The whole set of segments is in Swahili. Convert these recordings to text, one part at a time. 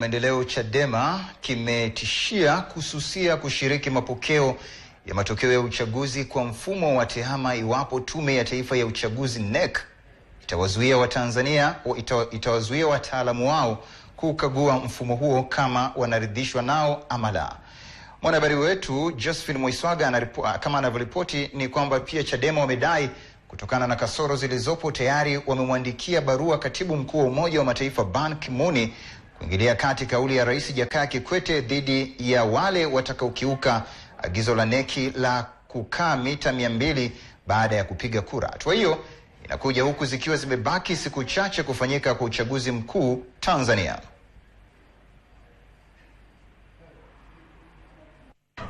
Maendeleo Chadema kimetishia kususia kushiriki mapokeo ya matokeo ya uchaguzi kwa mfumo wa tehama iwapo Tume ya Taifa ya Uchaguzi NEC itawazuia Watanzania itawazuia wataalamu wao kukagua mfumo huo kama wanaridhishwa nao ama la. Mwanahabari wetu Josephine Mwiswaga kama anavyoripoti ni kwamba pia Chadema wamedai kutokana na kasoro zilizopo tayari wamemwandikia barua katibu mkuu wa Umoja wa Mataifa Ban Ki-moon kuingilia kati kauli ya Rais Jakaya Kikwete dhidi ya wale watakaokiuka agizo la neki la kukaa mita mia mbili baada ya kupiga kura. Hatua hiyo inakuja huku zikiwa zimebaki siku chache kufanyika kwa uchaguzi mkuu Tanzania.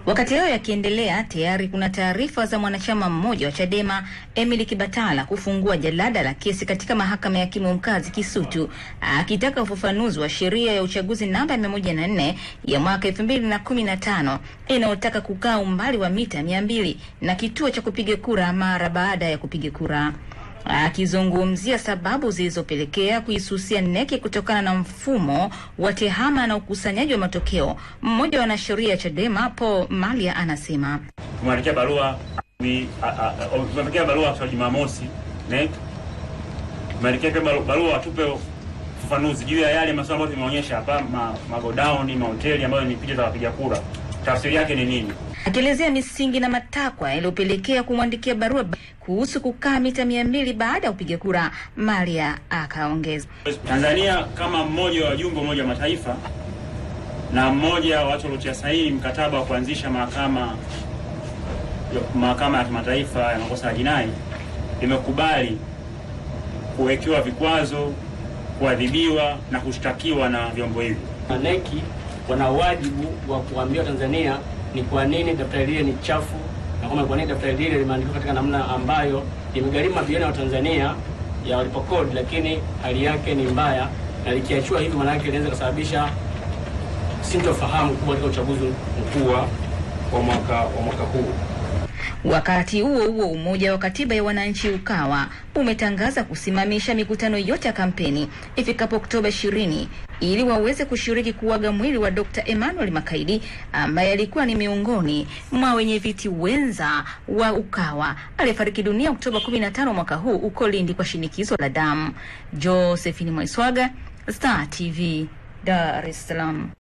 Wakati hayo yakiendelea, tayari kuna taarifa za mwanachama mmoja wa Chadema Emily Kibatala kufungua jalada la kesi katika mahakama ya hakimu mkazi Kisutu akitaka ufafanuzi wa sheria ya uchaguzi namba 104 ya mwaka 2015 inayotaka kukaa umbali wa mita 200 na kituo cha kupiga kura mara baada ya kupiga kura. Akizungumzia sababu zilizopelekea kuisusia NEC kutokana na mfumo wa tehama na ukusanyaji wa matokeo, mmoja wa wanasheria Chadema Paul Malia anasema tumeandikia barua tumeandikia barua kwa Jumamosi NEC, tumeandikia barua, barua watupe ufafanuzi juu ya yale masuala ambayo tumeonyesha hapa, magodauni, mahoteli ambayo ni picha za wapiga kura tafsiri yake ni nini? Akielezea misingi na matakwa yaliyopelekea kumwandikia barua kuhusu kukaa mita mia mbili baada ya kupiga kura, Maria akaongeza, Tanzania kama mmoja wa wajumbe Umoja wa Mataifa na mmoja wa watu waliotia sahihi mkataba wa kuanzisha mahakama mahakama ya kimataifa ya makosa ya jinai imekubali kuwekewa vikwazo, kuadhibiwa na kushtakiwa na vyombo hivi wana wajibu wa kuambia Tanzania ni kwa nini daftari lile ni chafu na kwamba kwa nini daftari lile limeandikwa katika namna ambayo limegharimu mabilioni ya Watanzania ya walipokodi, lakini hali yake ni mbaya, na likiachiwa hivi, maana yake linaweza kusababisha sintofahamu kubwa katika uchaguzi mkuu wa mwaka wa mwaka huu. Wakati huo huo, umoja wa katiba ya wananchi Ukawa umetangaza kusimamisha mikutano yote ya kampeni ifikapo Oktoba 20 ili waweze kushiriki kuaga mwili wa Dr. Emmanuel Makaidi ambaye alikuwa ni miongoni mwa wenye viti wenza wa Ukawa aliyefariki dunia Oktoba 15 mwaka huu uko Lindi kwa shinikizo la damu. Josephine Mwaiswaga, Star TV, Dar es Salaam.